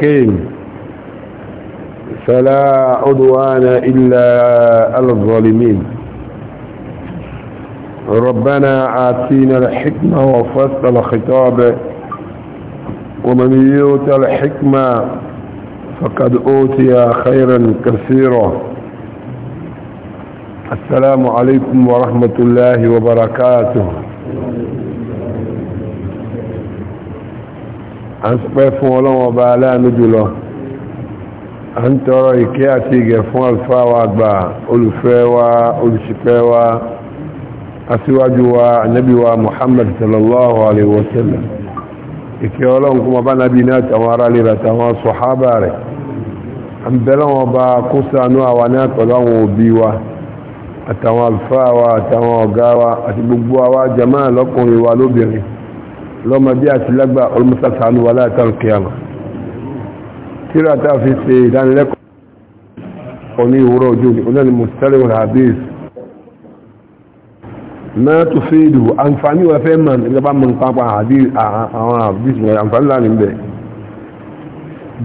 الحكيم فلا عدوان إلا على الظالمين ربنا آتينا الحكمة وفصل الخطاب ومن يوت الحكمة فقد أوتي خيرا كثيرا السلام عليكم ورحمة الله وبركاته a ń pẹ́ fún ọlọ́wọ́ bá aláàánú jùlọ a ń tọrọ ìkẹ́ àti ìgẹ̀ fún àlùfáà wa àgbà olùfẹ́ wa olùṣìpẹ̀ wa aṣíwájú wa ànábì wa Muhammad sallallahu alaihi wasallam ìkẹ́ ọlọ́run kúmọ bá nábi náà tàwọn ará lè ràtàwọn sọ̀hábà rẹ̀ ń bẹ̀rẹ̀ wọn bá kó sànú àwa àtàwọn àlùfáà wa àtàwọn ọ̀gá wa àti gbogbo àwa jàmáà lọ́kùnrin wa lóbìnrin lọ́mọ bí àti lágbà olùmọ́sàtánú wà látàrí kíyàmà tíra tá fi ṣe ìdánilẹ́kọ̀ọ́ ní ìwúrọ̀ ojú ní onáni mustari wọn hadis náà tó fi ìdù àǹfààní wà fẹ́ mọ̀ nígbà bá mọ̀ pápá àwọn hadis wọn àǹfààní láàrin bẹ̀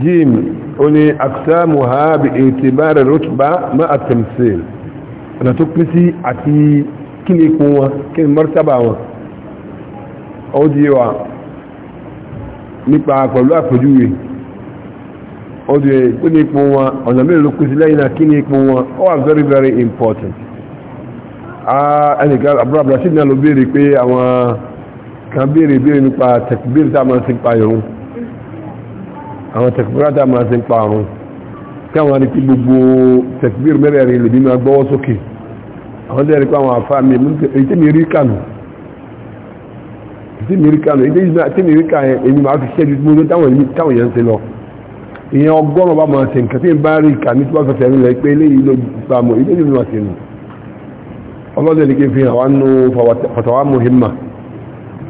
jim ó ní aksamu ha wọn kíni ó di wà nípa pẹ̀lú àpèjúwe ó di pé ní ipò wọn ọ̀nà mélòó ló kú sí lẹ́yìn náà kí ní ipò wọn ó wà very very important ẹnìkan àbúrò àbúrò sí náà ló béèrè pé àwọn kan béèrè béèrè nípa tẹ̀kbírí tá a máa ń sin pa ìrún àwọn tẹ̀kbírí tá a máa ń sin pa ìrún kí àwọn arí tí gbogbo tẹ̀kbírí mẹ́rẹ̀ẹ̀rin lè bí máa gbọ́wọ́ sókè àwọn dẹ́rẹ̀ pé àwọn àfáà mi èyí tí mi rí kànú tí mi rí ká lọ ilé ìgbà tí mi rí ká yẹn èmi máa fi ṣẹ́jú mú táwọn yẹn ń ṣe lọ ìyẹn ọgọ́rùn-ún bá máa ṣe nǹkan tí n bá rí ká ní tí wọ́n fẹsẹ̀ rí lẹ pé eléyìí ló gbà mọ́ ilé ìlú máa ṣe nù ọlọ́dẹ̀ ní kí n fi hàn wá nù fatawa muhimma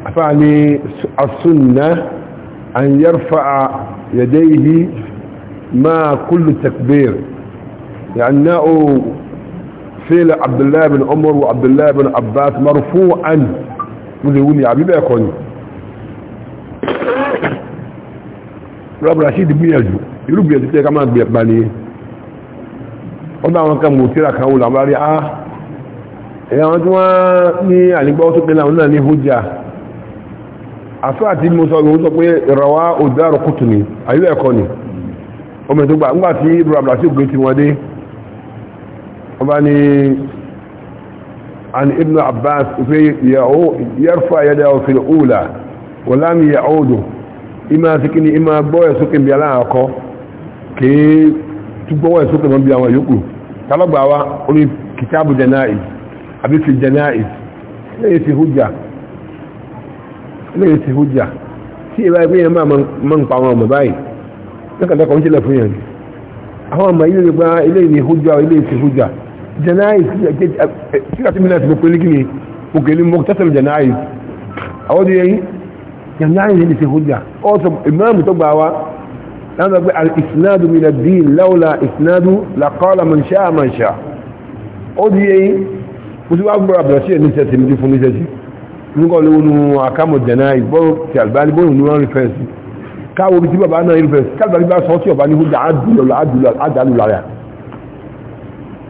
afáà ní asúnà an yarfa yadayhi ma kullu takbir لأنه فعل عبد الله بن عمر وعبد الله بن عباس مرفوعا mo lè wú ni àbí bẹ́ẹ̀ kọ́ ni rọ́bù gbìyànjú gbìyànjú tẹ́ ká máa gbìyànjú bá ní ọdún àwọn kan mọ̀tíra kan wò á ẹ̀yà wọn tí wọ́n ní ànígbọ́ tó pé láwọn náà ní hujja àfẹ́ àti mo sọ ìwọ́n sọ pé ìrọ̀wá kùtù ni ẹ̀kọ́ ọmọ ńgbà tí ti dé عن ابن عباس يرفع يده في الأولى ولم يعود إما سكني إما بوي سكن بيلا أكو كي تبوي سكن من بيلا يقول طلب عوا قولي كتاب جنائز أبي في الجنائز ليس هجة ليس هجة tí ìbá ẹgbẹ́ yẹn من mọ́ ń pa àwọn ọmọ báyìí lọ́kàtàkọ̀ ń sílẹ̀ fún yẹn àwọn ọmọ ilé ìgbà ilé janayi síra tí mílẹ̀ tí mo pè ní kíni mo kè ní mo tẹ́sẹ̀lẹ̀ janayi àwọn ọdún yẹn janayi ní ṣe hujja ọ́sọ̀ ìmáàmù tó gbà wá láwọn ọgbẹ́ al-isnadu min ad-din lawla isnadu la qala man sha'a man sha'a ọdún yẹn mo ti wá gbọ́ra bẹ̀rẹ̀ sí ẹni sẹ́sì mi fún ní sẹ́sì nígbà olówó nu àkámọ̀ janayi bọ́ọ̀ ti albani bọ́ọ̀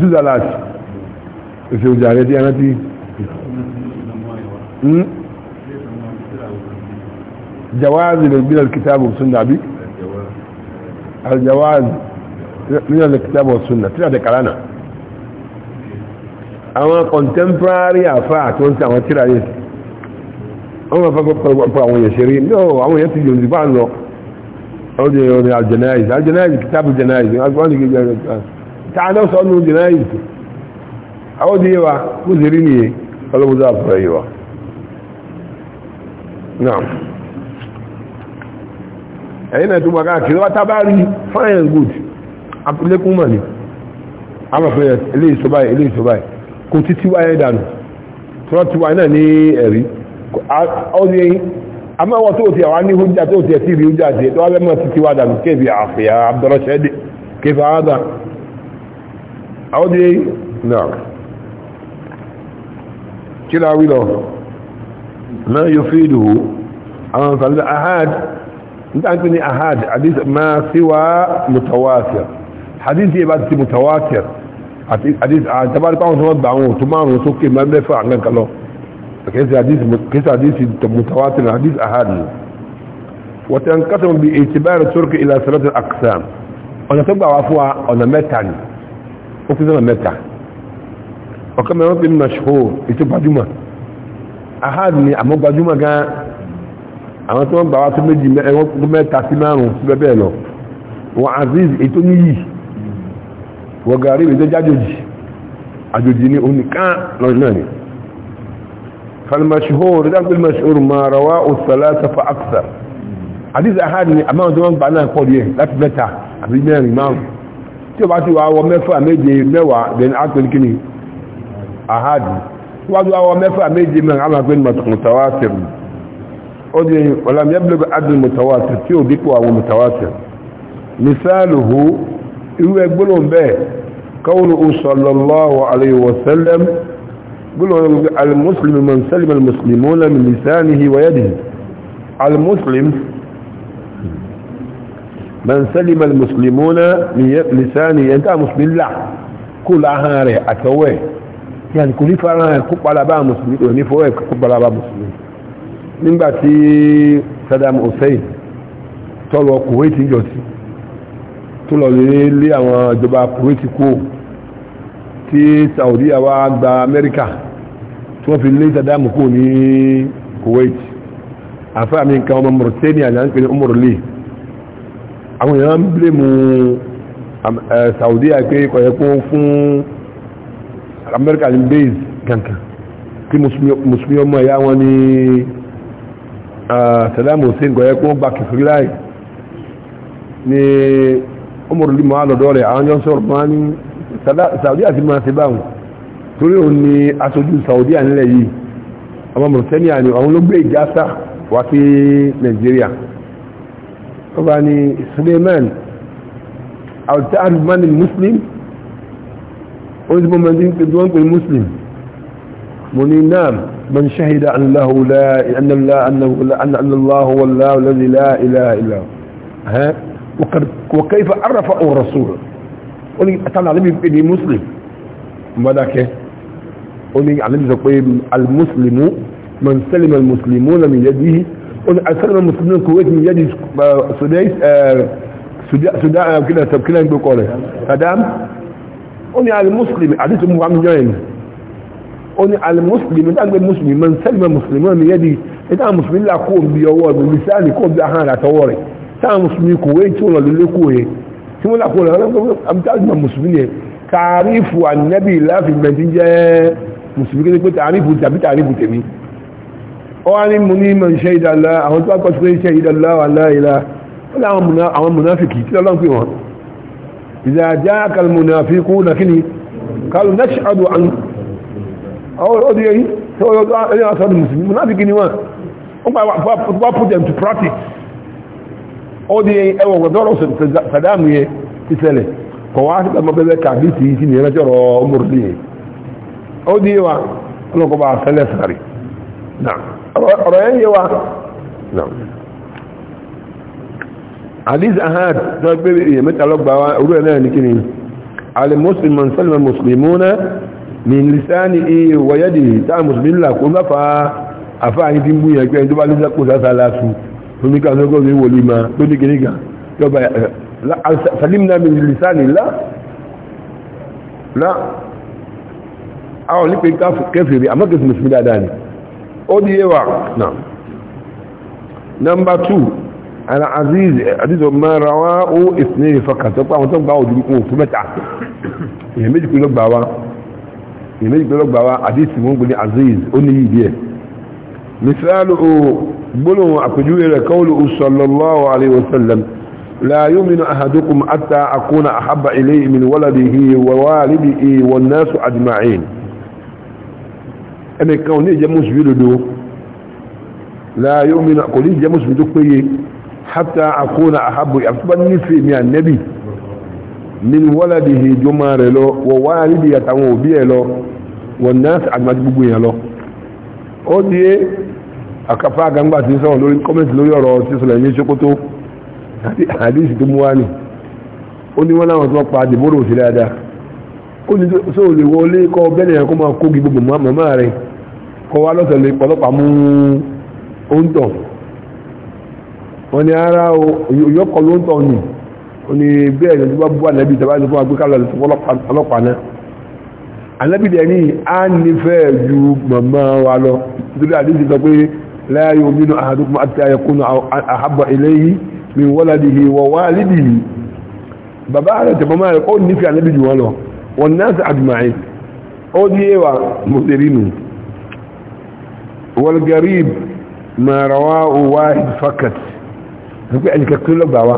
zizalat èsì òjà rẹ̀ di ẹran tí. جواز من الكتاب والسنة بي الجواز من الكتاب والسنة تلا دي كلانا اما contemporary افات وانت اما تلا يس اما فاقوا اما يشيرين نو اما يتجي وزبان لو او دي الجنائز الجنائز كتاب الجنائز tààdọ́ sọ ní oúnjẹ náà yìí àwọn a yíwa ó sì rí nìyẹ ọlọ́bùdó àpùrẹ̀ yíwa fine and good apilẹ́kún mọ̀ ní amọ̀pẹ̀yẹ ilé ìṣọ́bá ilé ìṣọ́bá kò tí tí wáyé dànù tí ti wáyé náà ní ẹ̀rí ọdún yẹn amáwọ̀ tó ti àwọn ní tó ti ẹ̀ sí rí hujjá wá dànù àwọn dé náà kí láwí lọ náà yóò fi ìdòwò àwọn ìfàlẹ́ ahad nítorí ní ahad hadith máa síwá mutawatir hadith yẹ bá ti mutawatir hadith àtàbárípá wọn tó wọ́n gbà àwọn òtún márùn-ún sókè mẹ́fẹ́ àgbẹ̀kan lọ كيس حديث متواتر حديث إلى ثلاثة أقسام أنا تبقى عفوها أنا متعني ó fi sọ́nà mẹ́ta ọ̀kan mẹ́rin pé mashhur ètò gbajúmọ̀ ahad ni àmọ́ gbajúmọ̀ gan àwọn tí wọ́n gbà wá tó méjì mẹ́ta sí márùn-ún sí bẹ́ẹ̀ lọ wọ́n aziz ètò níyì wọ́n gàrí ètò jájòjì àjòjì ni oníkan lọ́jọ́ náà ni فالمشهور ذلك المشهور ما رواه الثلاثة فأكثر حديث أحد أمام زمان بعدنا قول يه لا تبتع أبي ماري ماري tí o bá ti wà wọ mẹ́fà méje mẹ́wàá then akpẹ́ni kí ni ahadi tí o bá ti wà wọ mẹ́fà méje mẹ́wàá àwọn akpẹ́ni mutawatir ó di ọ̀làmì ẹ̀bùlẹ̀ adùn mutawatir tí o dípò àwọn mutawatir misaluhu irú ẹ gbólóhùn bẹ́ẹ̀ qawluhu sallallahu alayhi wa sallam gbólóhùn al من سلم المسلمون من لسانه انت مسلم لا كل هاري اتوي يعني كل فرع كبلا با مسلم وني فوق كبلا با مسلم nígbà tí Saddam Hussein tó lọ Kuwait jọ sí tó lọ lè lé àwọn ìjọba Kuwait kú tí Saudi àwa gba Amẹ́ríkà tí wọ́n fi lé Saddam kú ní Kuwait àfáàmì nǹkan ọmọ Mauritania ní à ń pè ní Umar Lee àwọn èèyàn ń blé um, eh, Saudi àpé kọ̀yẹ́kọ́ fún American base kankan kí musulmi ọmọ ẹ̀yà wọn eh, ní Saddam Hussein kọ̀yẹ́kọ́ gba kìfìrí láì ní ọmọrùn lè máa lọ́dọ́ rẹ̀ àwọn jọ́sọ̀ máa ní Saudi àti máa ti báwọn torí òun ni aṣojú Saudi nílẹ̀ yìí ọmọ Mauritania ni àwọn ló gbé ìjásá wá sí Nàìjíríà يعني سليمان او تعرف من المسلم وإذ من تدوانك المسلم من نام من شهد أن له لا أن الله أنه أن أن الله هو الله الذي لا إله إلا هو ها وكيف عرف الرسول قولي أتعلم علمي بإني مسلم ماذاك قولي علمي المسلم من سلم المسلمون من يده أسرنا المسلمين الكويت من يد سديس سداء كده تبكينا يقول قوله فدام أني على المسلم حديث المعام جاين أني على المسلم من أقل المسلم من سلم المسلمين من يدي إذا المسلمين لا قوم بيوار باللسان يقوم بأحان لا توري تا مسلمين كويت ولا للي كويت ثم لا قول أمتاز من المسلمين تعريف عن النبي لا في المدينة مسلمين يقول تعريف تبي تعريف تبي ọwá ní mú ní man shahida Allah àwọn tó wákọ̀ sípé shahida Allah wà láìlá àwọn munafiki tí ọlọ́n pè wọ́n idha ja'aka al-munafiquna kíni qalu nashhadu an ọdún yẹn tí ó yọdún ẹni àṣọ́dù musulmi munafiki ni wọ́n ó pa put them to practice ọdún yẹn ẹwọ̀ gbọ́dọ̀rọ̀ sàdámù yẹn ti ṣẹlẹ̀ kọ̀wá sí ọmọ bẹ́bẹ́ kàbíìsì yìí sí ni ẹ̀rẹ́ tẹ́rọ ọmọ orílẹ̀ ọdún yẹn wa ọlọ́kọ̀ bá fẹ́lẹ̀ sàrí náà ọ̀rọ̀ yẹn yẹ wa hadith ahad tó gbé èyàn mẹ́ta lọ́gbà wa orú ẹ̀ náà ní kíni al-muslim man salima al-muslimuna min lisanihi wa yadihi táà mùsùlùmí ńlá kó bá fa àfáàyí tí ń bú yẹn pé ẹni tó bá ló sẹ́kù sásà láti omi ká sọ́kọ́ ní wòlí ma tó ní àwọn nípe kẹfìrí àmọ́kẹsì mùsùlùmí dáadáa ni ó di yẹwà náà nọmba 2 al-aziz aziz ọmọ rawa ó ìsinmi ìfọkà tó pa àwọn tó gba òdìrí kún òtún mẹ́ta èyàn méjì pé lọ́gbà wa èyàn méjì pé lọ́gbà wa àdísì wọn gbé aziz ó ní yìí misalu o gbólóhùn àpèjúwe rẹ̀ sallallahu alayhi wa لا يؤمن أحدكم حتى أكون أحب إليه من ولده ووالده والناس أجمعين ẹnìkan ò ní ìjẹ́ mùsùlùmí dodo láàyè òmìnira kò ní ìjẹ́ mùsùlùmí tó péye hátà àkóónà àhábò àtúbà nífẹ̀ẹ́ mi ànẹ́bì min waladihi jọmọ rẹ̀ lọ wọ wáyàrídì àtàwọn òbí ẹ̀ lọ wọ nọ́ọ̀sì àgbàjì gbogbo yẹn lọ ó di é àkàfà àgàngbà tí sọ̀rọ̀ lórí kọ́mẹ́ntì lórí ọ̀rọ̀ tí sọ̀rọ̀ ẹ̀yìn ṣókótó àdéhìsì tó mú wá nì ó ní wọ́n láwọn tó pa àdìbò rò sí dáadáa ó ní sóòlè wọlé kọ́ bẹ́ẹ̀ kọ́ wá lọ́sẹ̀lẹ̀ pọ̀lọ́pàá mú oúntọ̀ wọ́n ni ara yọ́kọ̀ lóúntọ̀ ni o ni bẹ́ẹ̀ ni wọ́n bú ànẹ́bí tẹ́bá ní fún agbékalẹ̀ ọlọ́pàá náà ànẹ́bí dẹ̀ ní a nífẹ́ ju màmá wa lọ nítorí àdíjì sọ pé la yu'minu ahadukum hatta yakuna ahabba ilayhi min waladihi wa walidihi bàbá rẹ̀ tẹ̀ màmá rẹ̀ ó nífẹ́ ànẹ́bí jù wọ́n lọ wan nas ajma'in ó ní ẹwà mùsùlùmí والقريب ما رواه واحد فقط فكي أنك كل بوا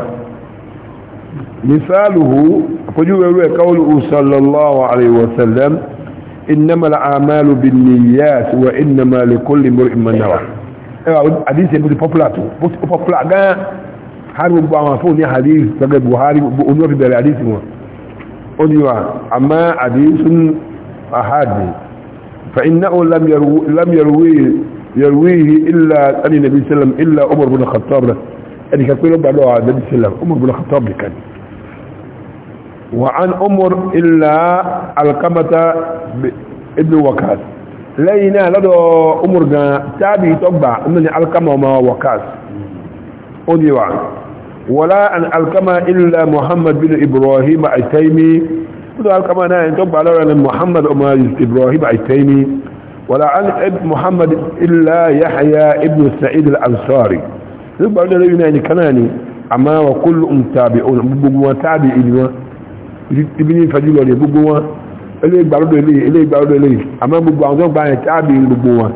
مثاله فجوه قوله صلى الله عليه وسلم إنما الأعمال بالنيات وإنما لكل امرئ ما نوى حديث يقول بوبلاتو بس بوبلا هارو بوا ما فوني حديث بقى بوهاري بأمور في بلا حديث مو أديوا أما حديث أحادي فإنه لم يروي لم يروي يرويه إلا أن النبي صلى الله عليه وسلم إلا عمر بن الخطاب يعني أن يكون بعد النبي صلى الله عليه وسلم عمر بن الخطاب كان وعن عمر إلا القمة ابن وكاس لينا لدى عمر تابي تبع من القمة ما وكاس أدي وعن ولا أن القمة إلا محمد بن إبراهيم التيمي وده القمة نائن تبع لنا محمد بن إبراهيم التيمي ولا عن ابن محمد إلا يحيى ابن سعيد الأنصاري يبقى عندنا لبنا يعني كناني أما وكل أم تابعون بقوة تابعين ابن فجيل ولي بقوة إليه بارد إليه إليه بارد إليه أما بقوة بقوة تابعين بقوة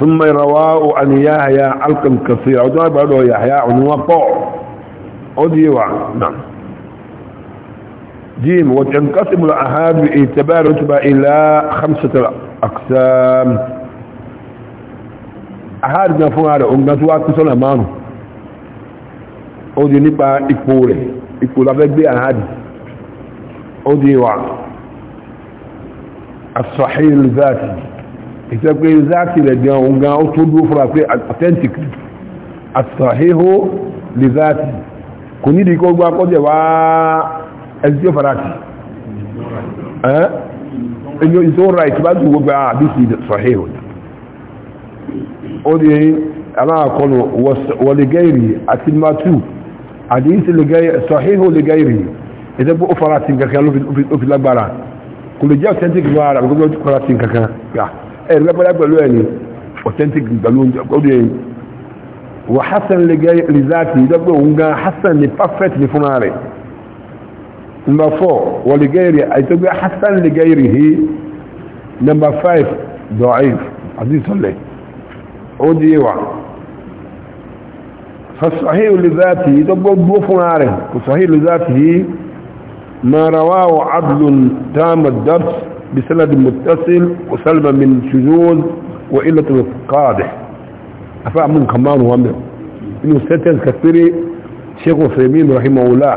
ثم رواه أن يحيى علقا كثير وده بارد يحيى عنوى قوع أديوا نعم جيم وتنقسم العهاد باعتبار رتبة إلى خمسة أقسام عهاد نفوها على أمنا سواك سنة مانو odi nípa ipò rẹ̀ ipò lábẹ́ gbé àhádì odi wà asọ̀hìn záàtì ìtẹ́ pé záàtì rẹ̀ gan ohun gan ó tó dúró fúra pé authentic asọ̀hìn hó lè záàtì kò nídìí kó gbá kọ́jẹ̀ wáá ẹni tí ó fara sí ẹni tí ó ra ìtìbá tó gbogbo àbíkì sọ̀hẹ́ òní ó di aláàkọlù wọlegẹ́rì àti matu àdíyísí sọ̀hẹ́ òlegẹ́rì ìdẹ́gbó ó fara sí kankan ló fi lágbára kò lè jẹ́ authentic ló ara gbogbo ó fara sí kankan ẹ̀rí lágbára pẹ̀lú authentic pẹ̀lú ọdún ẹni wà hassan lè gáyé lè záàtì ìdẹ́gbó òun gan hassan ni perfect ni fúnra rẹ̀ نمبر 4 ولغيره أي تبقى حسن لغيره نمبر 5 ضعيف حديث الله أودي وعن فالصحيح لذاته تبقى بفناره وصحيح لذاته ما رواه عدل تام الدرس بسند متصل وسلم من شذوذ وإلة قادح أفأمن كمان وامر إنه ستنس كثيري شيخ وثيمين رحمه الله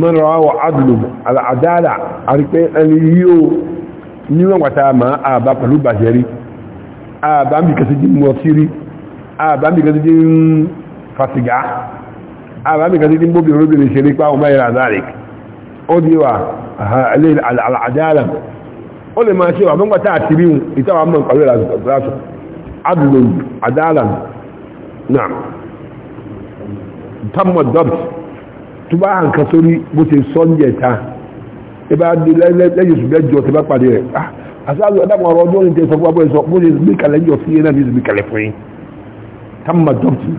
mọ́rọ̀ àwọ̀ adùlù àdáàdà àrípẹ́ ẹni yíò níwọ̀n wàtà ma àbá pẹ̀lú bàjẹ́rí àbá ń bí kẹsí jí mọ́ sírí àbá ń fasiga a jí ń fàṣìgá àbá ń bí kẹsí jí ń bóbi olóbìnrin ṣe di pàwọn mẹ́rin àdáàrík ó di wà àdáàdà tó bá hàn kan sórí bó ṣe sọ ní ẹ̀ta ẹ bá dé lẹ́yìn oṣù mẹ́jọ tẹ bá pàdé rẹ̀ ah, àṣàlù ẹ̀dàpọ̀ ọ̀rọ̀ ọdún orin tẹ sọ gbogbo ẹ̀sọ bó ṣe gbé kalẹ̀ ń jọ sí yẹn náà ní ìsìnkú kalẹ̀ fún yín tamma dọ́pù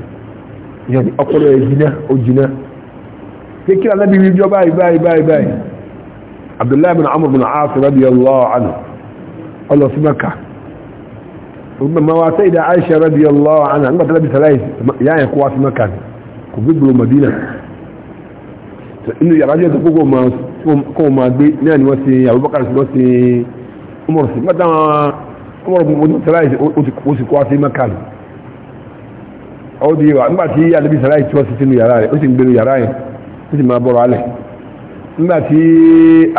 yẹn ọpọlọ ẹ̀ jìnà ó jìnà pé kí jọ báyìí báyìí báyìí báyìí abdullahi bin amr bin aas ọlọ sí maka wá inú yàrá jẹ́ tó kó máa gbé náà ni wọ́n ti Abubakar sí lọ́sí Umar sí mọ́ta Umar bí wọ́n sẹ́láì ó sì kó wá sí Mẹ́kà ní ọ́ di wa nígbà tí alẹ́bí sẹ́láì tí wọ́n sí sínú yàrá rẹ̀ ó sì ń gbénu yàrá yẹn ó sì máa bọ̀rọ̀ alẹ̀ nígbà tí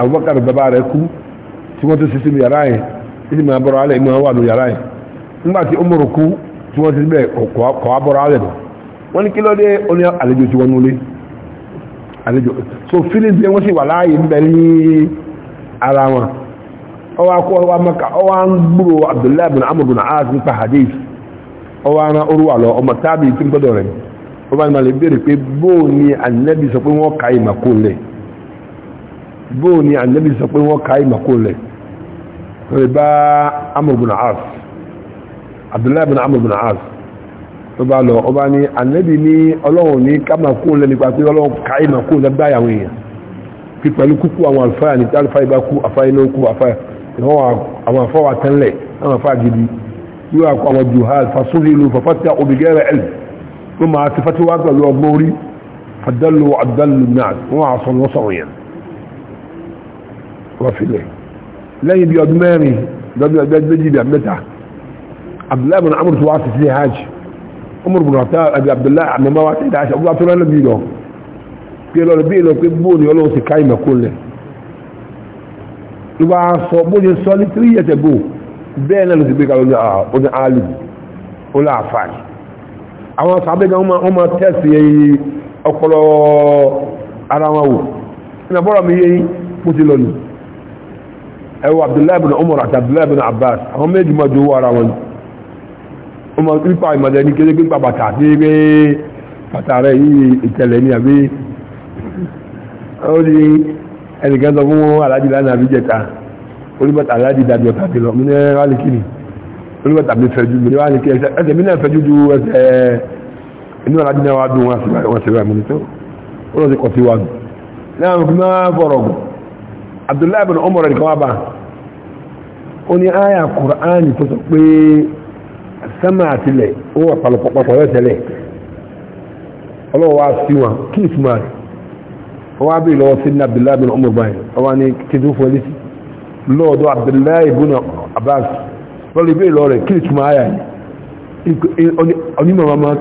Abubakar bàbá rẹ̀ kú tí wọ́n tó sí sínú yàrá yẹn ó sì máa bọ̀rọ̀ alẹ̀ ìmọ̀ wà ní yàrá yẹn nígbà tí Umar kú tí wọ́n ti bẹ̀ kọ̀ wá bọ̀rọ̀ alẹ̀ kí ló dé ní àlejò tí wọ́n nulẹ̀ àlejò so feelings yẹn wọ́n sì wà láàyè ń bẹ ní ara wọn maka ọwọ́ ń gbúrò abdullahi hadith ọwọ́ ara orú lọ ọmọ tábì tí ń gbọ́dọ̀ rẹ̀ ọba ìmọ̀ pé bóò ni ànábì sọ pé wọ́n ka ìmàkó lẹ̀ bóò ni ànábì sọ pé wọ́n ka ìmàkó lẹ̀ tó bá lọ ọba ní ànẹ́bì ní ọlọ́run ní kámàkún lẹ́nipa pé ọlọ́run káyé màkún lẹ́gbà àwọn èèyàn fi pẹ̀lú kúkú àwọn àlùfáà ní tí àlùfáà ibá kú àfáà iná kú àwọn àfáà tẹ́lẹ̀ àwọn àfáà gidi yóò àkọ àwọn juhal fasúnlẹ̀ ìlú fàfàtà obìgẹ́rẹ̀ ẹ̀l tó máa ti fàtí wá pẹ̀lú ọgbọ́n orí fàdálù àdálù náà wọ́n á sọ wọ́n sọ̀rọ̀ yẹn wọ́n fi lẹ̀ lẹ́yìn bí ọdún mẹ́rin lọ́dún ẹgbẹ́ méjì abdullahi bin amur tó wá sí hajj umar bin rafael abi abdullahi amema wa ti daṣe ọgbà tó lọ́nà bí lọ pé lọ́nà bí lọ pé bóò ni ọlọ́run ti ká ìmọ̀ kó lẹ̀ ló bá sọ bó ṣe sọ ní tírí yẹtẹ bò bẹ́ẹ̀ náà ló ti gbé kalọ́ ah, ní ọdún alu ó lọ àfààní àwọn sàbẹ̀ gan wọn máa tẹ̀sí ọpọlọ ara wọn wò ní abọ́rọ̀ mi yé mo ti lọ nù ẹwọ abdullahi bin umar àti bin abbas àwọn méjì máa jowó ara wọn ni ọmọ pípa ìmọ̀lẹ̀ ní kéde pípa bàtà sí pé bàtà rẹ̀ yìí ìtẹ̀lẹ̀ ní àbí ó ní ẹnìkan sọ fún aláàjì lánàá àbí jẹta olùbàtà aláàjì dàbí ọ̀tà ti lọ mí ní wàlì kìnnì olùbàtà mi fẹ́jú mi ní wàlì kìnnì ẹsẹ̀ mi náà fẹ́jú ju ẹsẹ̀ inú aláàjì náà wà dùn wọn sì rẹ̀ sí kọ̀ sí wa dùn náà mo fi máa fọ̀rọ̀ gùn Abdullahi bin Umar rẹ̀ kọ́ wá bá ó ní àyà Kùránì tó sọ pé sẹ́mà àtìlẹ̀ ó wà pàlọ̀pọ̀ lẹ́tẹ̀lẹ̀ ọlọ́wọ́ sí wọn kí ìtumà rẹ̀ wọ́n á bí lọ́wọ́ sí ní abdullahi bin umar bayan ọwọ́ ni abdullahi bin abbas lọ́lọ́ ìbí lọ rẹ̀ abdullahi bin umar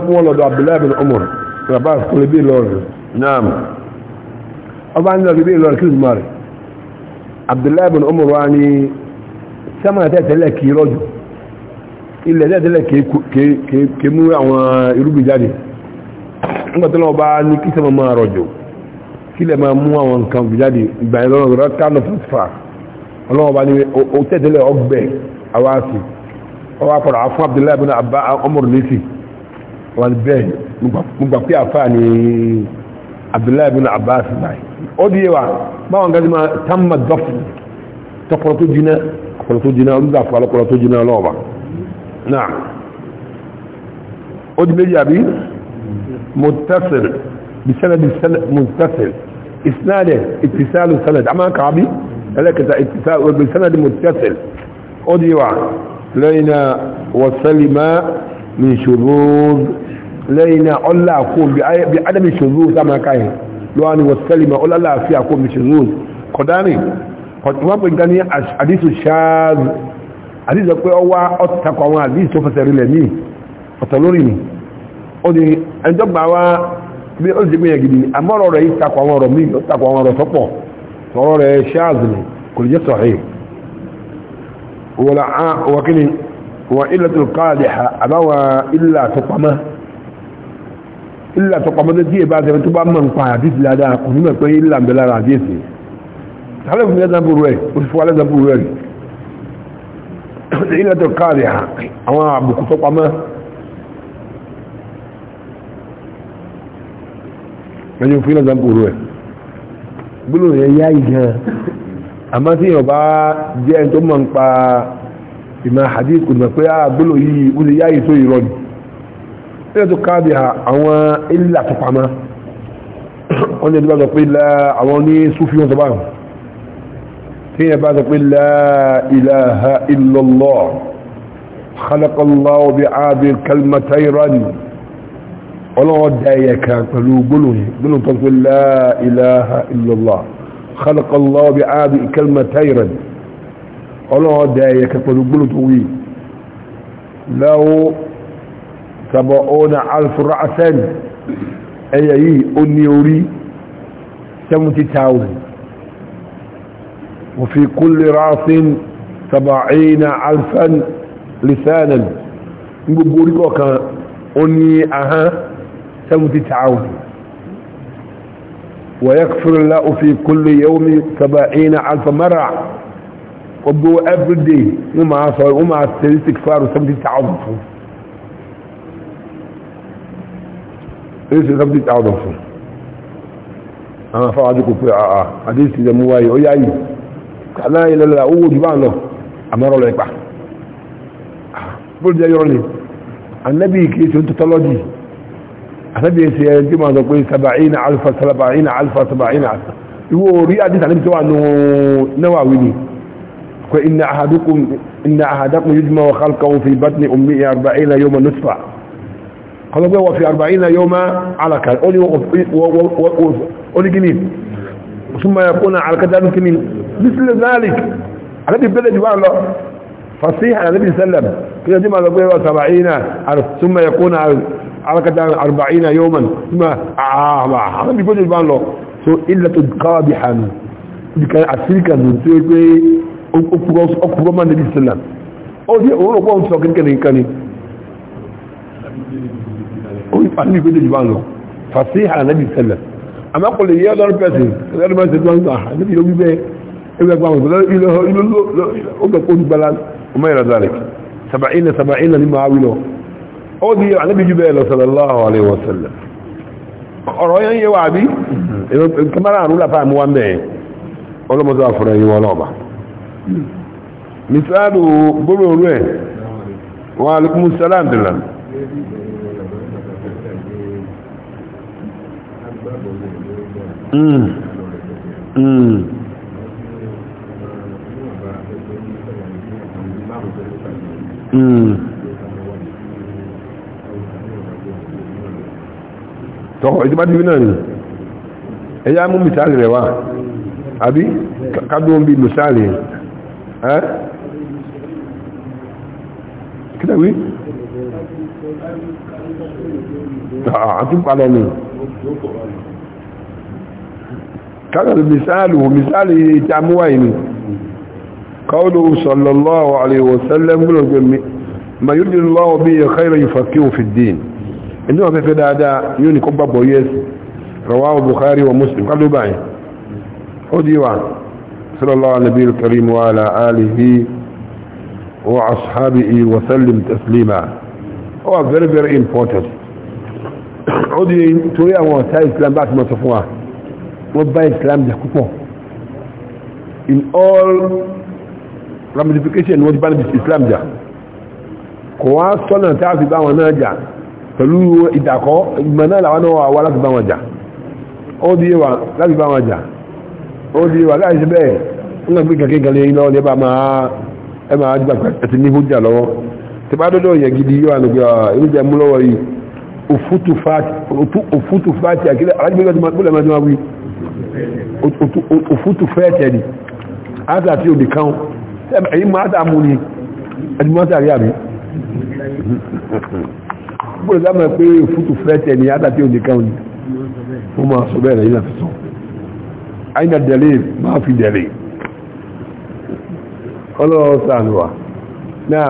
ni abdullahi bin umar abbas abdullahi bin umar wa ni sama ta tẹ́lẹ̀ kìí rọ́jù ilẹ̀ tẹ́ tẹ́lẹ̀ kìí mú àwọn irúgbìn jáde nígbàtí lọ́wọ́ bá ní kí sama máa rọ̀jò kí lẹ máa mú àwọn nǹkan jáde ìgbà ìlọ́rọ̀ rẹ̀ kánà fàtífà ọlọ́wọ́ bá ní o tẹ́tẹ́lẹ̀ ọgbẹ̀ awáàsì ọwọ́ apọ̀rọ̀ afún abdullahi bin abba umar lisi wọn bẹ́ẹ̀ mú gbà pé àfáà ní abdullahi bin abbas báyìí ó di yẹwà báwọn gẹ́gẹ́ máa tán ma gọ́fù tọpọlọ tó jiná ọpọlọ tó jiná olùdá fún alọpọlọ tó jiná lọ́ọ̀bà náà ó di méjì àbí mutasil bisanadi mutasil isnade itisalu sanad a máa kàá bí ẹlẹ́kẹta itisalu bisanadi mutasil ó di yẹwà lẹ́yìn wasalima min shuruz lẹ́yìn ọlá kó bí adami shuruz sáà máa káyìn lọ́wọ́ni wọ́sẹ́lìmà ọlọ́láàfíà kó mìṣẹ̀rún kọ̀dánì wọ́n pè ní àdísù ṣáàzù àdísù pé ọwá ọ̀tàkọ̀ àwọn àdísù tó fẹsẹ̀ rílẹ̀ ní ọ̀tọ̀ lórí ni ó ní ẹjọ́gbà wá bí ó sì gbìyàn gidi àmọ́rọ̀ rẹ̀ ìtàkọ̀ àwọn ọ̀rọ̀ míì ọ̀tàkọ̀ àwọn ọ̀rọ̀ tọ́pọ̀ ọ̀rọ̀ rẹ̀ ṣáàzù ni kò lè jẹ́ sọ̀hẹ́ wọ́n ilẹ̀ ìlà tó pàmọ́dé tí èbá tẹ́fẹ́ tó bá mọ̀ ń pa àdísì dáadáa kò ní mọ̀ pé ìlà ń bẹ lára àdísì sáré fún ẹ̀dàbù rẹ̀ ó sì fún ẹ̀dàbù rẹ̀ rí ìlà tó káàrí àwọn àbùkù tó pamọ́ ẹ̀yìn fún ẹ̀dàbù rẹ̀ gbólóhùn yẹn yá ìgbọ́n àmọ́ أسئلة قابعة àwọn ilẹ̀ àtọ́pàmá wọ́n lè dúbàtọ̀ pé lá àwọn ní súfí wọn tọ́bá tí yẹ bá tọ́ pé lá ìlàhà ìlọ́lọ́ khalaqallahu bí ábí kalmatayran ọlọ́wọ́ dáyẹ kan pẹ̀lú gbónú tọ́ pé lá ìlàhà ìlọ́lọ́ bí ábí kalmatayran ọlọ́wọ́ dáyẹ kan pẹ̀lú gbónú سبعون ألف رأسا أي أي أنيوري سمتي تاوزن وفي كل رأس سبعين ألفا لسانا نقول لك أني أها سمتي تاوزن ويكفر الله في كل يوم سبعين ألف مرة وبدو أبدي وما صار وما استيل كفار وسمتي تعوض èyí ṣe seventy thousand fún àwọn afáwọn adúgbò pé àà àdéhùn ti dẹ̀mú wáyé ó yáyì aláyé lọ́la owó ojú bá ń lọ àmọ́rọ̀ lọ ipa bó jẹ́ yọ́rọ̀ ni anábì kìí ṣe ontotọ́lọ́jì anábì ṣe tí máa sọ pé sabaina alfa sabaina alfa قالوا بقى وفي أربعين يوما على كذا قولي جنين ثم يكون على كذا جنين مثل ذلك الذي بدأ جبار الله فصيح على النبي صلى الله عليه وسلم كده دي ما لقوا سبعين ثم يكون على كذا أربعين يوما ثم آه ما النبي بدأ جبار الله سو إلا تقابحا كان أسيرك نتيجة أكبر أكبر من النبي صلى الله عليه وسلم أو دي أولو قوم سوكين كنين كنين onífàánì pé dèjì bá lọ fàṣí ànábì sẹlẹ̀ àmọ́kùnlé yẹ́ lọ́rọ̀ pẹ̀sì lọ́rọ̀ pẹ̀sì tó ń gbà níbi yóò wípé ẹgbẹ́ gbà wọn lọ́rọ̀ ilé ọgbẹ́ kó gbala ọmọ ìrọ̀ dalẹ̀ sàbàínà sàbàínà ní máa wí lọ ó di ànábì jù bẹ́ẹ̀ lọ sallallahu alaihi wa sallam ọ̀rọ̀ yẹn yẹ wà bí kamara àrùn làfà mú wa ń bẹ̀ ọlọ́mọdé àfọ̀rọ̀ yìí ẹ̀ wọn alaikum salam tọ́kọ̀ ìdíbá tí náà ni ẹ̀yà mú mìsáàlì rẹ̀ wá àbí kádùn bí mìsáàlì ẹ́ kílẹ̀wí àtúpalẹ̀ ni كان المثال ومثال تعموين قوله صلى الله عليه وسلم ما يرد الله به خيرا يفكه في الدين انه في فدادا يوني كبا بويس رواه البخاري ومسلم قبل باين وديوان صلى الله على النبي الكريم وعلى آله وأصحابه وسلم تسليما هو oh, very very important ودي تريد أمو تاي إسلام بعد ما تفواه wọ́n bá islam jẹ púpọ̀ in all ramification wọ́n bá islam jà kò wá sọ́nà tí a fi bá wọn náà jà pẹ̀lú ìdàkọ́ ìgbà náà làwọn náà wà láti bá wọn jà ó di wà láti bá wọn jà ó di wà láti bẹ́ẹ̀ ń gbà pé kẹ̀kẹ́ gẹ̀lẹ́ iná ọ̀lẹ́ bá máa ẹ máa gbà ẹ̀tì ní hujja lọ́wọ́ tí bá dọ́dọ̀ yẹ gidi yóò ànàgbà ìrìnjẹ mú lọ́wọ́ yìí òfútù fàtì àkílẹ̀ alájúmọ́lẹ́gbẹ̀rẹ̀ òfútù fẹ́ẹ̀tẹ̀ ni áta àti òdì kan èyí máa tà mú ni ẹjúmọ́ta rí àmì gbọ́dọ̀ dámà pé òfútù fẹ́ẹ̀tẹ̀ ni áta àti òdì kan ni wọ́n máa sọ bẹ́ẹ̀ lẹ́yìn àti sọ àyínà dẹ̀lé máa fi dẹ̀lé ọlọ́ọ̀sán wa náà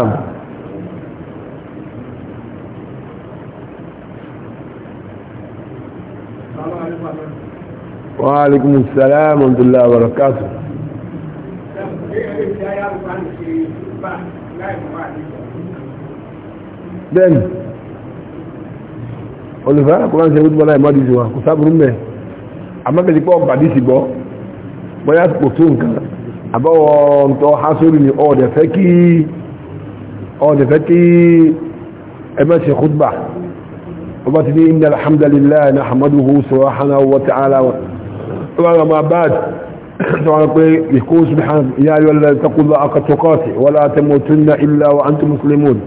وعليكم السلام ورحمة الله وبركاته bẹ́ẹ̀ni olùfẹ́ àkùnrin ṣe gúdùmọ́ láì mọ́dí ìjọwà kò sáàbùrú mẹ́ àmọ́kẹ́jì pọ́ bàdí sí gbọ́ bọ́yá pò tó nǹkan àbọ́wọ̀ ǹtọ́ hasori ni ọ̀dẹ̀fẹ́ kí ẹmẹ́ṣẹ̀ khutbah ọba ti ní inna alhamdulillah na hamaduhu sọ وعلى ما بعد يقول سبحانه يا أيها الذين اتقوا الله حق تقاته ولا تموتن إلا وأنتم مسلمون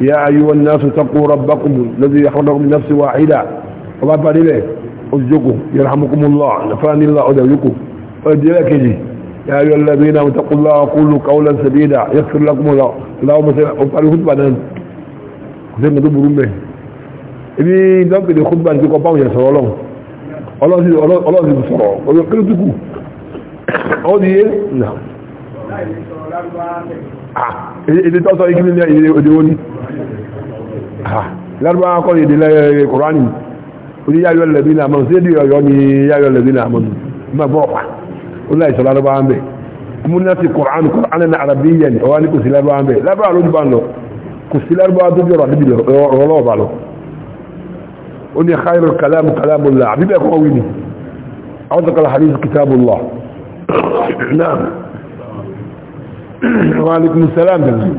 يا أيها الناس اتقوا ربكم الذي خلقكم من نفس واحدة وما بعد ذلك أرجوكم يرحمكم الله نفاني الله أدعوكم أدعوك جي يا أيها الذين اتقوا الله وقولوا قولا سديدا يغفر لكم الله اللهم أفعلوا خطبة نان زي ما دبروا به إذا دبروا خطبة نان تقوى باوية سوالهم ọlọ́sí ọlọ́sí sọ̀rọ̀ ọjọ́ kírísìkù ó ní yé nà èdè tọ́sọ̀ ikú ní èdè wọ́n ní lárúbá kọ́ èdè lẹ́rẹ̀ kùránì ó ní yáyọ́ lẹ́bí ní àmọ́nù sí èdè ọ̀yọ́ ní yáyọ́ lẹ́bí ní àmọ́nù mọ́ bọ́ ọ̀pá ó láì sọ lárúbá ń bẹ̀ mú náà sí kùránì kùránì ní àràbí yẹn ọwá ní kò sí lárúbá ń bẹ̀ lárúbá ló ń bá lọ kò sí lárúbá tó bí ọ̀rọ̀ قل خير الكلام كلام الله عبيب يا قويني عوضك الحديث كتاب الله نعم وعليكم السلام تنزيل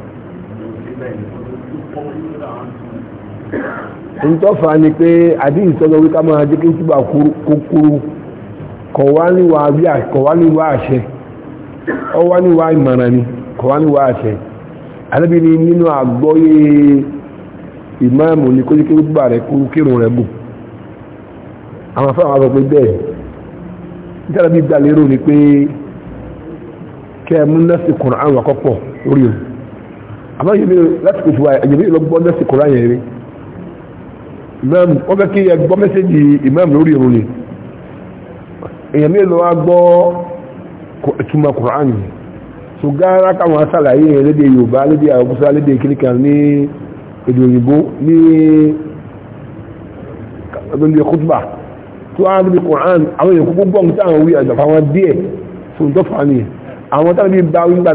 ntọ́fà ni pé àdín ìsọ́lọ́ wíká máa jẹ́ kí n túbà kúkúrú kọ̀ wá níwá àbí kọ̀ wá níwá àṣẹ ọ wá níwá ìmọ̀ràn ni kọ̀ wá níwá àṣẹ alẹ́bí ni nínú àgbọ́yé ìmáàmù ni kó jẹ́ kí túbà rẹ̀ kúrú kírun rẹ̀ bù àwọn afẹ́wọ̀n àwọn pé bẹ́ẹ̀ nítorí bí gbà ni pé kẹ́ ẹ mú nọ́ọ̀sì kùnrin àwọn àmọ́ yẹmi láti kò fún wa yẹmi lọ gbọ́ mẹ́sì yẹn rí imam wọ́n fẹ́ kí ẹ gbọ́ mẹ́sẹ̀gì imam lórí ìrun ni èyàn mélòó wa gbọ́ ìtumọ̀ Qur'an yìí so gáárá káwọn asàlàyé yẹn lédè Yorùbá lédè àwòkúsá lédè kíríkan ní èdè òyìnbó ní ẹgbẹ́ kútùbà tó á níbi Qur'an àwọn èèyàn kúkú gbọ́n tí àwọn wí àjàfà wọn díẹ̀ so ń tọ́fà ni àwọn tábí bá wíńgbà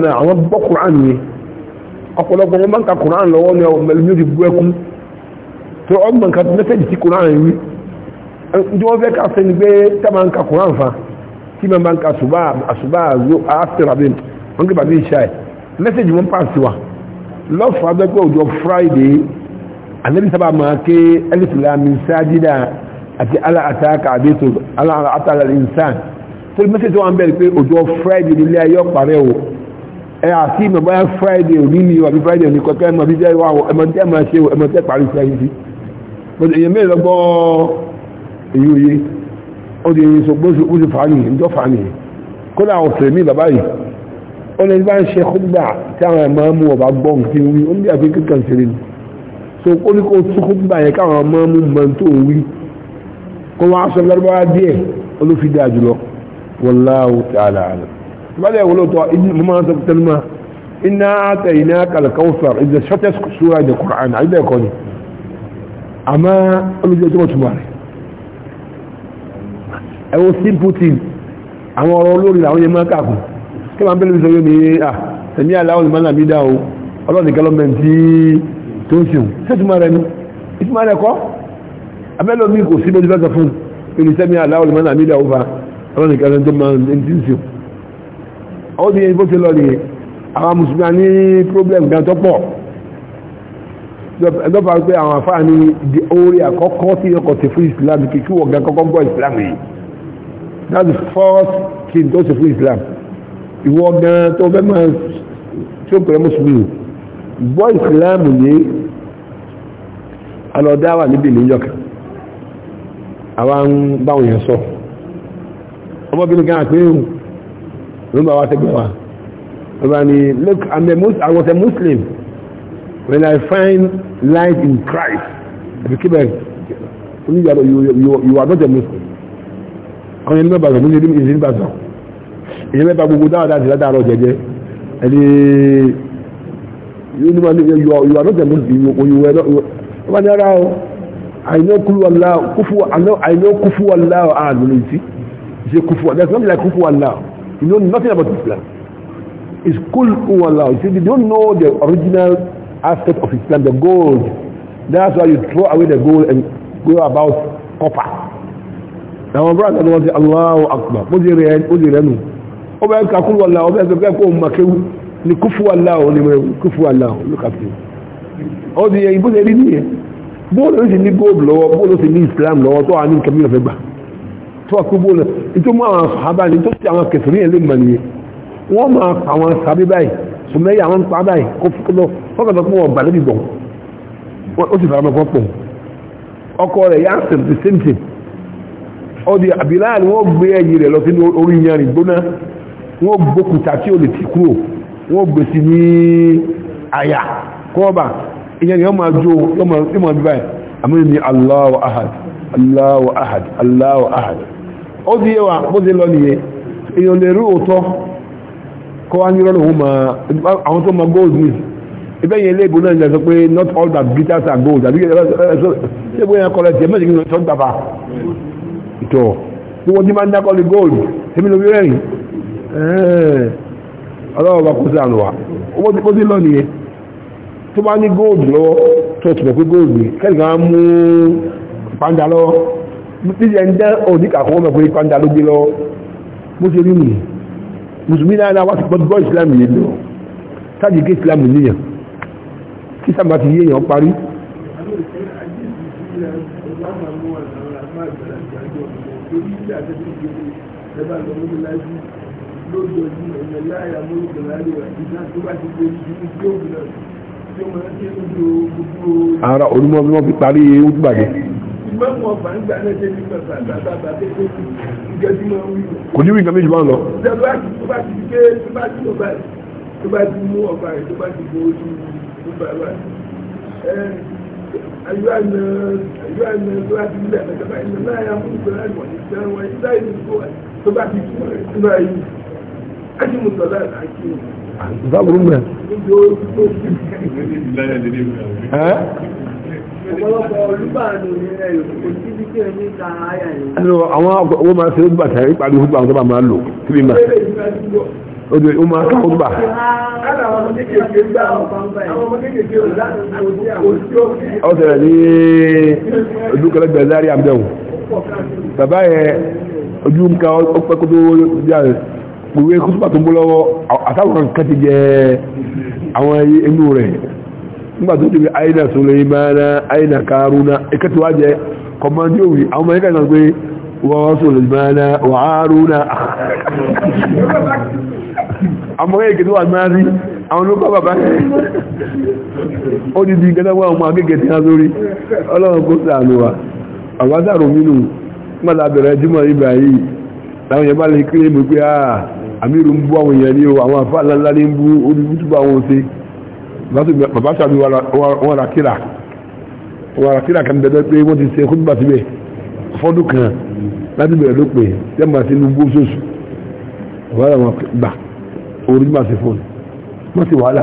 ọ̀pọ̀lọpọ̀ wọn bá ń ka Kùránì lọ́wọ́ ní ọmọ ẹlùmí ti bú ẹkún tó ọmọ nǹkan mẹ́sẹ̀jì tí Kùránì wí ní wọ́n fẹ́ ká sẹ́ni pé tábà ń ka Kùránì fa tí mẹ́ bá ń ka àṣùbà àṣùbà àṣìrabin wọ́n kí bàbá ìṣá ẹ̀ mẹ́sẹ̀jì wọn pàṣẹ wa lọ́fà bẹ́pẹ́ òjò Friday ànábì sábà máa ké ẹlẹ́sìlámi sájídà àti aláàtàkà àdétò aláàtàkà ẹ àti ìmọ̀bá friday òní ni àbí friday òní kọ́kẹ́ ẹmọ bíjẹ́ ìwà ẹmọ tẹ́ máa ṣe ẹmọ tẹ́ parí sí ẹyìn sí but èyàn mẹ́rin lọ́gbọ́ èyí òye ó di èyí sọpọ́ ó ti fàánì ìjọ fàánì kódà ọ̀sẹ̀ mi bàbá yìí ó lè bá ń ṣe kúgbà tí àwọn ẹ̀mọ́ mú ọba gbọ́n tí ń wí ó ní àfi kíkan ṣe lè so ó ní kó tún kúgbà yẹn káwọn ọmọ mú mọ tó ń wí kó wọn aṣọ lọ́dọ́ díẹ̀ ó ló fi dáa jùlọ wallahu ta'ala alam ماذا يقولوا تو لما تكلمة إنا آتيناك الكوثر إذا شتسك سورة القرآن عيدا يكوني أما قالوا جاء جمع تماري أو سيمبوتين أما رولو لله يما كاكو كما عم بلو مي آه سميع الله لما نبي داو الله نكلم من تي تنسيو ستماري نو إسماري كو أبلو ميكو سيبو جبازة فون إني سميع الله لما نبي داو فا الله نكلم من تنسيو ó ní bó ṣe lọ nìyẹn àwọn mùsùlùmí ní problem gan tó pọ̀ ẹgbẹ́fà pé àwọn afáà ní di orí àkọ́kọ́ tí ọkọ̀ ti fún Islam kí kí wọ́n gan kọ́kọ́ bọ́ Islam yìí that's the first thing tó ṣe fún Islam ìwọ gan tó fẹ́ máa tí ó pẹ̀lẹ́ mùsùlùmí bọ́ Islam yìí alọ́dá wà níbi níyọ̀kì àwọn báwọn yẹn sọ ọmọbìnrin gan àpéhùn Remember bá wá sẹ́gbẹ̀ wa ló bá look I'm a mus I was a Muslim when I find life in Christ àbíkíbẹ̀ oníyàrá you you you are not a Muslim àwọn ẹni mẹ́bàá sọ̀rọ̀ ní ìdí mẹ́bàá sọ̀rọ̀ ìyẹ́ mẹ́bàá gbogbo dáadáa sí ládàárọ̀ jẹjẹ ẹni yóò ní wọn ní you are not a Muslim you were not wọ́n bá ní ara o àìná kúfù wà láwọ̀ àdùnnú ìtì ìṣe kúfù wà láwọ̀ You know nothing about Islam. It's kul Allah. You see, they don't know the original aspect of Islam, the gold. That's why you throw away the gold and go about copper. Now, my brother was Allahu Akbar. Mo di re mo di renu. O be ka kul huwallahu, ko makewu ni kufu wallahu ni kufu wallahu. Look at you. O di e bo se ri ni e. Bo gold lọ́wọ́, bo lo se ni Islam lọ́wọ́ to ani kamilo fe gba tó àkóbó náà nítorí mú àwọn àfàbà ní tó ti àwọn kẹsìrí ẹ̀ lè mọ̀ nìyẹn wọ́n máa pa àwọn sàbí báyìí sùmẹ́yà àwọn pa báyìí kó fúkúlọ fọ́kàtọ̀ fún ọgbà lẹ́bí gbọ̀n ó sì faramọ́ pọ̀ ọkọ rẹ̀ yá sẹ̀ the same thing ọdí àbíláà ni wọ́n gbé ẹ̀yìn rẹ̀ lọ sí orí yanrìn gbóná wọ́n gbókùtà tí ó lè ti kúrò wọ́n gbé sí ní àyà kọ́ọ̀bà ìyẹn ni wọ́n máa jó yọ́mọ̀ bíbáyìí àmì ni Allahu ahad Allahu ahad Allahu ahad Ozi ya yẹ e bó lọ nìyẹn èèyàn lè rí òótọ́ kó wá ní ma àwọn ma gold ní ibẹ̀ yẹn léèbù náà yẹn sọ not all that glitters are gold àbí léèbù yẹn kọ́ lẹ́tì n sọ gbàgbà ìtọ̀ tí wọ́n ti máa gold èmi ló fi rẹ́rìn ọlọ́wọ́ bá kó wa lọ gold lọ, gold Kedu ka tí yẹn ń dẹ́ òní kàkọ́ mọ̀ pé pàǹdà ló gbé lọ bó ṣe rí nì mùsùlùmí náà wá sí gbọ́dọ̀ ìsìlámù yẹn lọ táàjì gé ìsìlámù níyàn kí sábà ti yéèyàn parí ara olúmọ parí ewu ìmọ̀mù ọ̀fà ń gbà lẹ́jẹ́ ní bàbá bàbá bàbá tó ti ìjọjú máa ń wí. kò ní wí nǹkan méjì máa ń lọ. ìjọba tó bá ti gbé tó bá ti ọba tó bá ti mú ọba rẹ̀ tó bá ti bo ojú tó bá wà. ayọ́ àná ayọ́ àná tó bá ti nílẹ̀ lọ́jọ́ bá iná náà yà fún ìgbéra ìwọ̀n ìgbéra ìwọ̀n ìgbéra ìwọ̀n tó bá ti tún rẹ̀ sínú ayé. ájú mu sọ̀rọ̀ àti àkíyèsí. ìfàbùrù mẹ́ àwọn ọgbọ̀n máa ṣe ọgbà tàbí pàdé ọgbà àwọn tó bá máa lò kí ni máa odò máa ká ọgbà. ọ sẹ̀rẹ̀ ní ojú kẹlẹ́gbẹ̀ lárí àmdẹ̀hùn bàbá yẹn ojú nǹkan ọpẹ́ kó tó yà gbogbo ẹkú tó bá tó ń bó lọ́wọ́ àtàwọn kan ti jẹ àwọn ẹnu rẹ̀ nígbà tó dìbí aina suleimana aina karuna ikẹ́tù wá jẹ́ kọmọdé òwì àwọn ọmọ ikẹ́ ìsànpé wọ́n suleimana wà haruna àmọ́ ikẹ́ tó wà máa rí àwọn olókọ́ a lórí ọlọ́run kó sàánú wa àwádàrò mínú mọ́ta bẹ̀rẹ̀ jùmọ̀ ah, o bàbá sàbí wọn ra kíra wọn ra kíra kan dẹ́dẹ́ pé wọ́n ti ṣe kúndùbà síbẹ̀ fọ́dún kan láti bẹ̀rẹ̀ ló pè yẹ́mà sí inú gbóṣòṣù wàhálà wọn gbà orí máa ṣe fóònù wọ́n ti wàhálà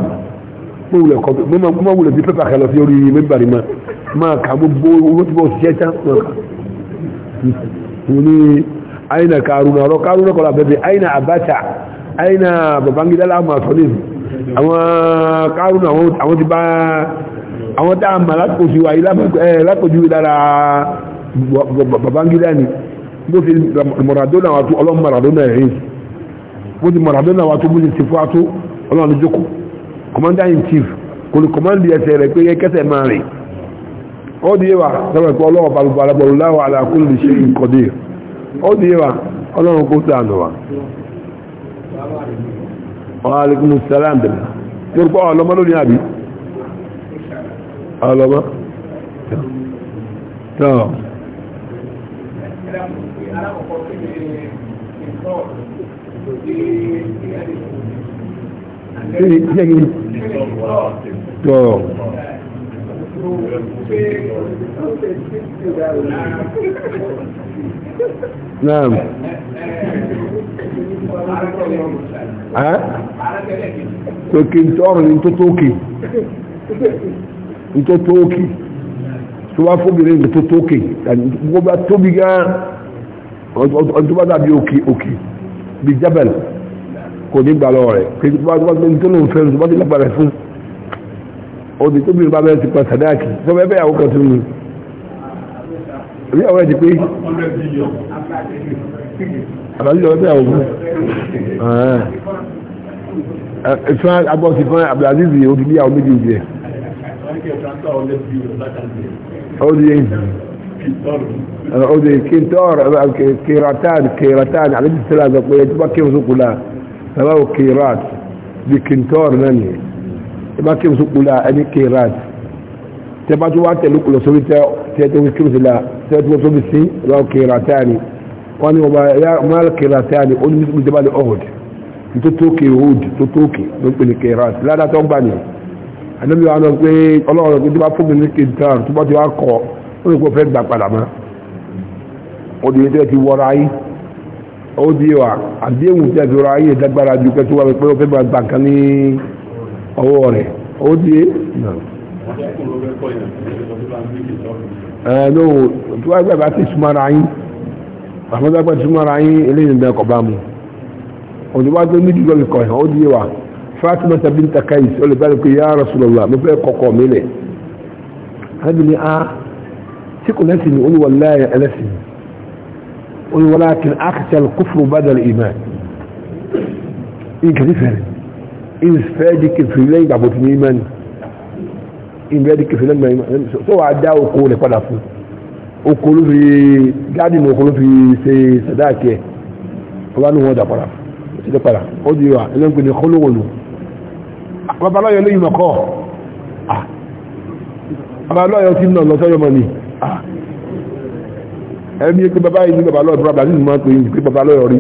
mọ́ wulẹ̀ kọ́ mọ́ wulẹ̀ bí pépà kan lọ sí orí mẹ́bàrí mọ́ máa kà gbogbo owó tí wọ́n ṣiṣẹ́ tán máa kà mo ní àyìnà karùnà ọ̀rọ̀ karùnà kọ́ra bẹ̀bẹ̀ àyìnà Abacha àyìnà Babangida láàmú àtọ́lẹ́sì àwọn kárùn àwọn ti bá àwọn tá a mà látòjú wáyé látòjú babangida ni bó ti Maradona wà tó ọlọ́run Maradona rẹ̀ bó ti Maradona wà tó bó ti ti ọlọ́run jókò commander in chief kò lè command ẹsẹ̀ rẹ̀ pé kẹsẹ̀ máa rìn ó di ọlọ́run láwọ̀ lè ṣe nǹkan dé wa. wàhálìkùn sàlám bẹ̀rẹ̀ tí ó pọ̀ ọlọ́mọ lónìí àbí ọlọ́mọ tọ́ tọ́ Naam. Ẹ́ pé kí n tọ́rọ̀ ní tó tókè ní tó tókè tó wá fóbìnrin ní tó tókè gbogbo bá tóbi gan ọdún tó bá dàbí òkè òkè bí jabel kò ní gbà lọ rẹ̀ kí tó bá tó bá tó tó lóun fẹ́ràn tó bá tó lápá rẹ̀ fún òdì tó bìnrin bá bẹ́ẹ̀ ti pa sàdáàkì tó bẹ́ẹ̀ bẹ́ẹ̀ àwọn kan tó ní rí àwọn ẹ̀ ti pé àbájọ ẹgbẹ́ àwọn ìfẹ́ agbọ́sí fún Abdulaziz ó ti bí àwọn méjì òjì ẹ̀ ọdí kìntọ́ọ̀rọ̀ kìrátán kìrátán àlejìsílá sọ pé tí bá kí òsùkúlá sọ́wọ́ kìrát bí kìntọ́ọ̀rọ̀ náà ni tí bá kí òsùkúlá ẹni kìrát tí bá tó wá tẹ̀lú kùlọ̀ sórí tẹ́tẹ́ kí òsùlá tẹ́tẹ́ sórí sí sọ́wọ́ kìrátán wọ́n ni wọ́n bá yá mọ́ kìrátán ó ní mísìlú jẹ́ bá lè ọ̀hùd tó tókè hood tó tókè ló pè ní kerat ládàá tó gbà ní ànábi wa lọ pé ọlọ́run pé tó bá fún mi ní ketan tó bá ti wá kọ ó lè kó fẹ́ gbà padà mọ́ ó di ètò ẹ ti wọra yìí ó di wa àdéhùn tí a fi wọra yìí ìdágbára ju pé tó wà pé ó fẹ́ gbà kan ní ọwọ́ rẹ̀ ó di ẹ̀ lóhùn tó wá gbà bá ti súnmọ́ra yín àmọ́ tó wá gbà ti súnmọ́ra yín eléyìí ń bẹ kọ̀ bá mu òdìwájú ní jùlọ nìkan ẹ̀hàn ó díye wa fatima tabi n taka yìí ó lè bá rẹ̀ pé ya Rasulullah mo fẹ́ kọ́kọ́ mi lẹ̀ arábìnrin ni a ah, tí kò lẹ́sìn ní olùwàlá ẹlẹ́sìn olùwàlá kìí akitẹ́lù kúfùrù bá dàrú ìmọ̀ nǹkan ní fẹ́rẹ̀ ìfẹ́ di kẹfìrí lẹ́yìn ìgbàgbọ́ ti ní ìmọ̀ ni ìfẹ́ di kẹfìrí lẹ́yìn ìgbàgbọ́ tó wàá dá oko rẹ̀ padà fún oko ló fi gáàdì mọ̀ oko ló fi ṣe sàdáàkì ẹ̀ ọba ní wọn dà padà fún ilé padà ó di wa ilé ń pè ní kólówòlù babalọ́yọ lè yìnbọn kọ́ babalọ́yọ tí náà lọ sọ́yọ́ mọ́ni ẹbí pé bàbá yìí ní babalọ́yọ bàbá yìí ní máa ń pè yìí pé babalọ́yọ rí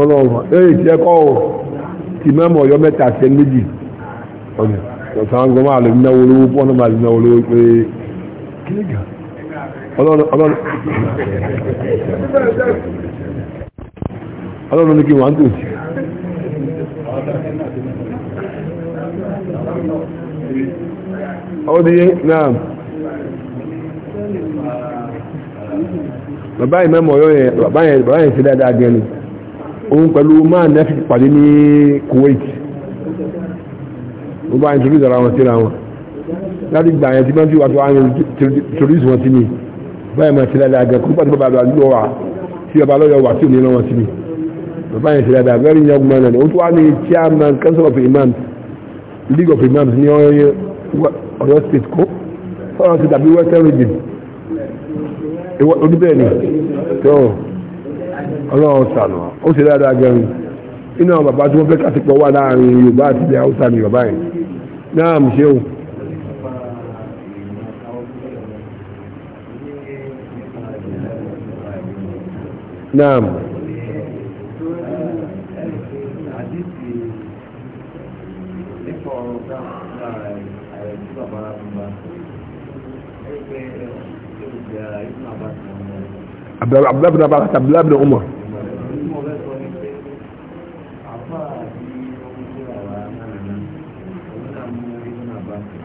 ọlọ́run ẹ̀yìn tí ẹ kọ́ ọ ti mẹ́mọ̀ ọ̀yọ́ mẹ́ta àti ẹni méjì ọ̀sán gbọ́n máa lè náwó lówó pọ́n náà máa lè náwó ọlọ́run ní kí wọ́n tó sí ọdí náà bàbá ìmẹ́mọ̀ ọ̀yọ́ yẹn bàbá yẹn sí dáadáa gẹnu òun pẹ̀lú máa nẹ́fì pàdé ní Kuwait ó bá ń torí ìdára wọn síra wọn láti gbà yẹn tí bá ń tí wà tó wá ń torí ìsìn wọn sí ni báyìí máa ti dáadáa gan kó pàtó bàbá lọ wà tí ọba lọ́yọ̀ wà tí ò ní lọ́wọ́ sí mi bàbá yẹn ti dáadáa very young man and ó tún wá ní chairman council of imams league of imams ní Ọ̀yọ́ state kó ọ̀rọ̀ ti dàbí western region oníbẹ̀ẹ́ ni tó ọlọ́run sànù ó ti dáadáa gan inú àwọn bàbá tí wọ́n fẹ́ kásìpọ̀ wà láàrin Yorùbá àti ilẹ̀ Haúsá ni bàbá yẹn náà mú ṣe òun. naam abdullahi bin abbas abdullahi bin umar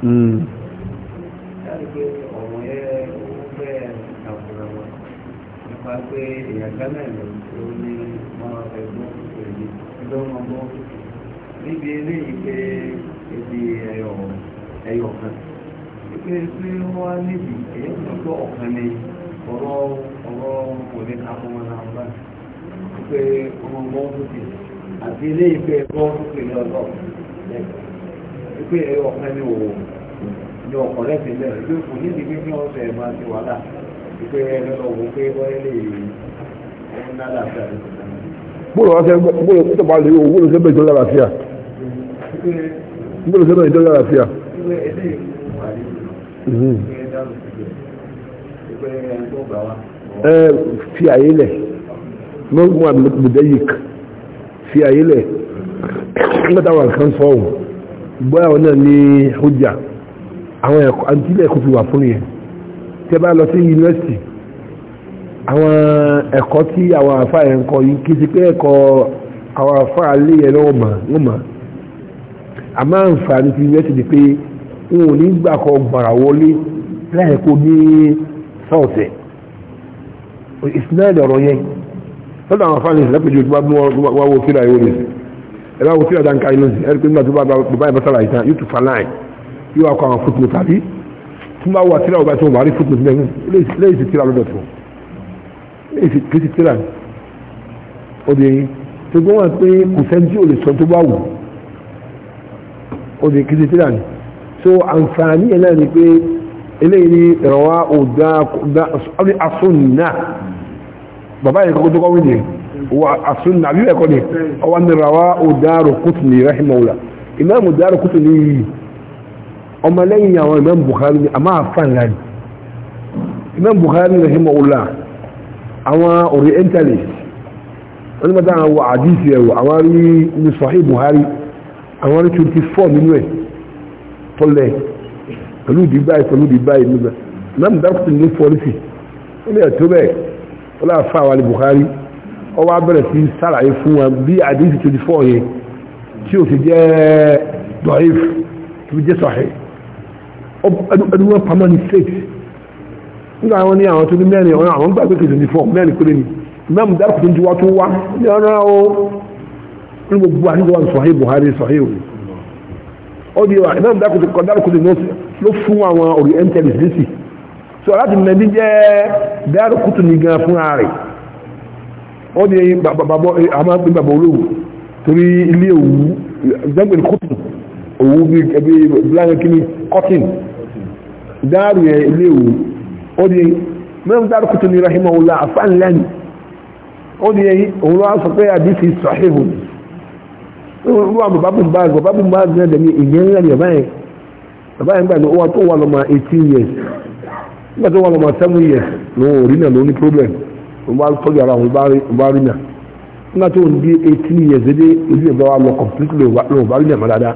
Mm nípa pé èèyàn gánà ìlú tó ní wọn ẹ̀gbọ́n òní ẹgbẹ́ wọn mọ níbi eléyìí pé ebi ẹyọ ẹyọ kan pé pé wọn á níbi èèyàn kan tó ọ̀kan ni ọ̀rọ̀ ọ̀rọ̀ kò ní ká fún wọn náà bá pé ọmọ ọgbọ́n òkè àti eléyìí pé ẹgbọ́n òkè ní ọ̀dọ́ pé ẹyọ kan ni òwò ní ọkọ̀ lẹ́sìn lẹ́yìn pé kò níbi pé kí wọ́n fẹ́ máa ti wàhálà pé ẹlọ́wọ́ pé wọ́n lè wọ́n náà láti àdúgbò bóòlù wọn bóòlù tó bá lè bóòlù sẹbẹ ìjọba àlàáfíà bóòlù sẹbẹ ìjọba àlàáfíà. ẹ fi àyè lẹ mọ̀gbọ́n àbùdẹ́yìk fi nígbàtà wà kàn sọ̀hún bóyá wọn náà ní ọjà àwọn ẹ̀kọ́ àǹtílẹ̀ kò fi wà fún yẹn tẹ́ bá lọ sí yunifásitì àwọn ẹ̀kọ́ tí àwọn àfa yẹn ń kọ́ yìí kì í ṣe pé ẹ̀kọ́ àwọn àfa alẹ́ yẹn náà mà ń mà àmọ́ àǹfààní ti yunifásitì pé n ò ní gbà kọ gbàrà wọlé láì kó ní sọ́ọ̀tẹ̀ ìsinádìí ọ̀rọ̀ yẹn lọ́dọ̀ àwọn afáàní ìsìnlẹ́pẹ̀jù tó bá mú wá wo kíra ìwé rẹ̀ ẹ̀rọ àwọn kíra dáńkà ilé ẹ̀rí pé nígbà tó bá bá ìbására ìtàn yóò tún fa láì yóò wá kọ àwọn fútùmù tàbí tí wọ́n wà tíra ọba tí wọ́n wà rí fúnpọ̀ sílẹ̀ lẹ́yìn sí tíra lọ́dọ̀ tó lẹ́yìn sí kí sí tíra ọdẹ yìí tó gbọ́n wà pé kò sẹ́ni tí ò lè sọ tó bá wù ọdẹ kí sí tíra ni so àǹfààní ẹ̀ náà ni pé eléyìí ni ìrànwá òdà ọdẹ asúnà bàbá yìí kọ́kọ́ tó kọ́ wíyẹn wà asúnà àbí ẹ̀kọ́ ni ọwọ́ ni ìrànwá òdà rò kùtù ní rahimahullah ìmáàmù dàrò kùtù ní yìí ọmọlẹ́yìn àwọn Imam Bukhari ni a máa fàn láàrin Imam Bukhari rahimahullah àwọn orientalist wọ́n mọ́ta àwọn àdísì ẹ̀rọ àwọn rí ní Sahih Bukhari àwọn rí 24 nínú ẹ̀ tọ́lẹ̀ pẹ̀lú dubai pẹ̀lú dubai nígbà Imam dákùtù ní fọ́lísì ilé ẹ̀tọ́ bẹ́ẹ̀ wọ́n láà fà wà ní Bukhari ọ wá bẹ̀rẹ̀ sí sàlàyé fún wa bí àdísì 24 yẹn tí ò sì jẹ́ dọ̀íf tí ó jẹ́ Sahih ẹni wọ́n pamọ́ ní six nígbà wọn ní àwọn tó ní mẹ́rin ọ̀rọ̀ àwọn gbàgbé kejì ní four mẹ́rin péré ni imam dárúkú tó ń juwá tó wá ní ọ̀rọ̀ o ní gbogbo àníwọ̀ sọ̀hí buhari sọ̀hí o ó di wa imam dárúkú tó kọ dárúkú tó ló fún àwọn orientalist lẹ́sì so láti mẹ́rin jẹ́ dárúkú tó ní gan fúnra rẹ̀ ó di bàbọ̀ àmọ́ pé bàbọ̀ olówó torí ilé òwú ìgbàgbé kóòtù òwú bíi blanket kìíní cotton dáàrù yẹn ilé ìwò ó di mẹ́rin dáàrù kùtù ní rahimahullah a ńlá ni ó di yẹn òun lọ́wọ́ sọ pé àdìsí sàhíhùn wọ́n bàbá ni bàbá yẹn bàbá yẹn gbà ní ọwọ́ tó 18 years nígbà tó wà 7 years ara di 18 years dédé ojú ìgbà wa lọ completely ló bá rí náà mọ́ dáadáa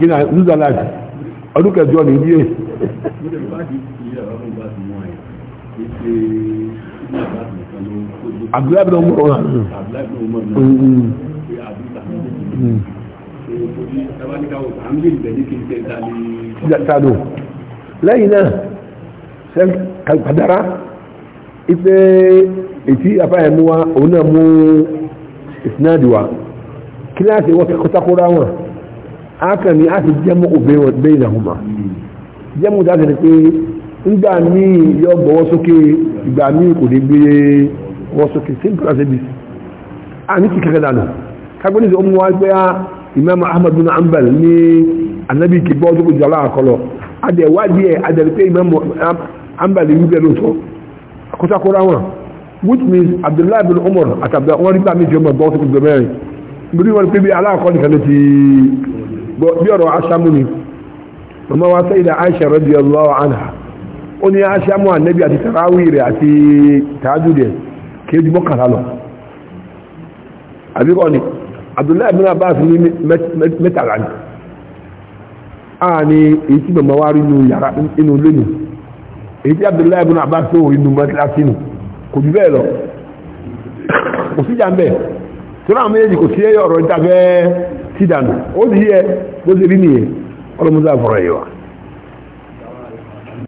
kí náà Switzerland ọdún kẹjọ ní ilé. abdullahi bin umar ọ̀hún. abdullahi bin umar náà mm-hmm. tàdó lẹ́yìn náà ṣe kàdára ipé ètí afáyẹ̀mú wa òun náà mú ìsináàdì wa kí láti wọ́n kọ́takọ́ra wọn aka ni a ti jẹ́mú òbẹ́wọ̀dẹ́ ìdàhùnmá jẹ́mú dáka ni pé nígbà míì yọ gbọ́wọ́ sókè ìgbà míì kò ní gbé wọ́ sókè simple as a bit a ní kí kẹ́kẹ́ dànù kágbé ní ọmọ wa pé imam ahmad bin ambal ní anabi which means abdullahi bin umar àtàbí wọn rí gbà mí jọmọ gbọ́ sókè jọmọ rẹ̀ nítorí wọn pé bí aláàkọ́ nìkan ló ti bí ọ̀rọ̀ aṣámú ni mama wa sayida aisha radiyallahu anha ó ní aṣámú anabi àti tarawih rẹ̀ àti tààjú rẹ̀ kéjì mọ́kànlá lọ àbíkọ́ ni abdullahi bin abbas ní mẹ́tàlá ni a ní èyí tí mama wa rí inú yàrá inú lónìí èyí tí abdullahi bin abbas tó inú kò jù lọ kò méjèèjì kò sí ọ̀rọ̀ sí dànù ó sì yẹ bó ṣe rí nìyẹn ọlọ́mọdé àfọ̀rọ̀ yìí wa.